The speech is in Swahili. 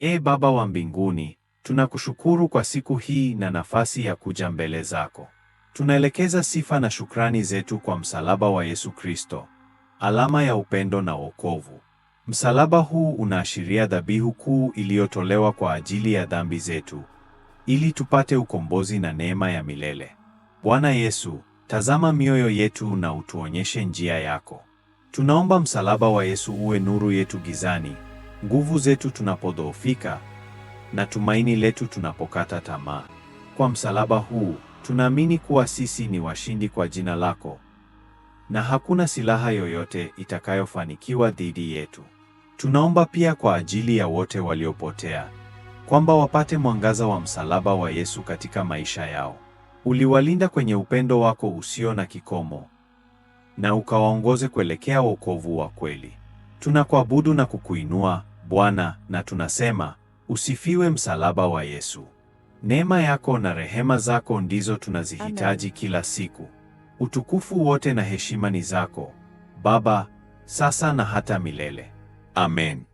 E Baba wa mbinguni, tunakushukuru kwa siku hii na nafasi ya kuja mbele zako. Tunaelekeza sifa na shukrani zetu kwa msalaba wa Yesu Kristo, alama ya upendo na wokovu. Msalaba huu unaashiria dhabihu kuu iliyotolewa kwa ajili ya dhambi zetu, ili tupate ukombozi na neema ya milele. Bwana Yesu, tazama mioyo yetu na utuonyeshe njia yako. Tunaomba msalaba wa Yesu uwe nuru yetu gizani nguvu zetu tunapodhoofika, na tumaini letu tunapokata tamaa. Kwa msalaba huu tunaamini kuwa sisi ni washindi kwa jina lako, na hakuna silaha yoyote itakayofanikiwa dhidi yetu. Tunaomba pia kwa ajili ya wote waliopotea, kwamba wapate mwangaza wa msalaba wa Yesu katika maisha yao. Uliwalinda kwenye upendo wako usio na kikomo, na ukawaongoze kuelekea wokovu wa kweli. Tunakuabudu na kukuinua Bwana, na tunasema usifiwe msalaba wa Yesu. Neema yako na rehema zako ndizo tunazihitaji Amen. Kila siku utukufu wote na heshima ni zako Baba, sasa na hata milele. Amen.